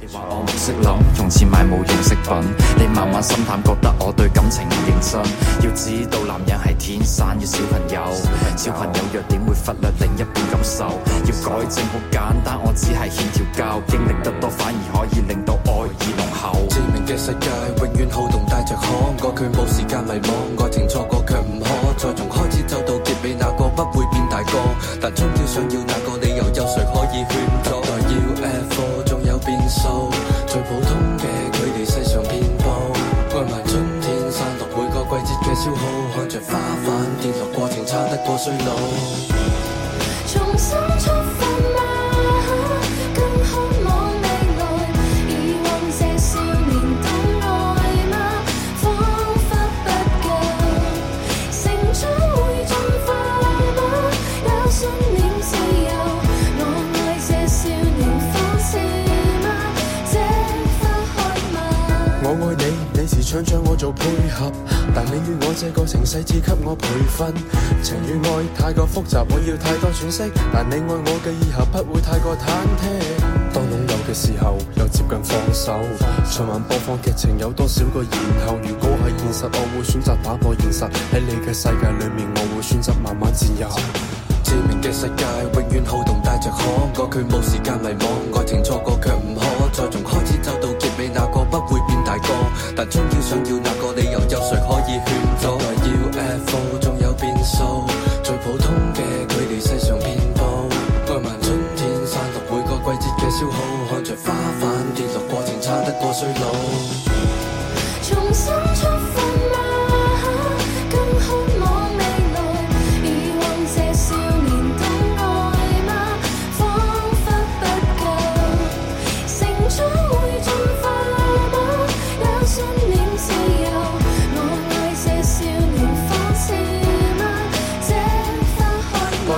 你話我唔識諗，用錢買無用飾品。你慢慢心淡，覺得我對感情唔認真。要知道男人係天生嘅小朋友，小朋友弱點會忽略另一半感受。要改正好簡單，我只係欠調教經歷得多反而可以令到愛意濃厚。志明嘅世界永遠好動，帶着可愛，佢冇時間迷惘。最普通嘅，佢哋世上遍布。愛埋春天散落每個季節嘅消耗，看着花瓣跌落過程差得過衰老。從我愛你，你是想將我做配合，但你與我這個情勢只給我培訓。情與愛太過複雜，我要太多喘息。但你愛我嘅以後不會太過忐忑。當擁有嘅時候又接近放手，循環播放劇情有多少個然後？如果係現實，我會選擇打破現實。喺你嘅世界裡面，我會選擇慢慢佔有。致命嘅世界永遠好動，帶着可愛佢冇時間迷惘。愛情錯過卻唔可再，從開始走到結尾，哪個不會變？但終要想要那個理由，有誰可以勸阻？UFO 應有變數，最普通嘅佢哋世上遍布。愛問春天散落每個季節嘅消耗，看着花瓣跌落過程，差得過衰老。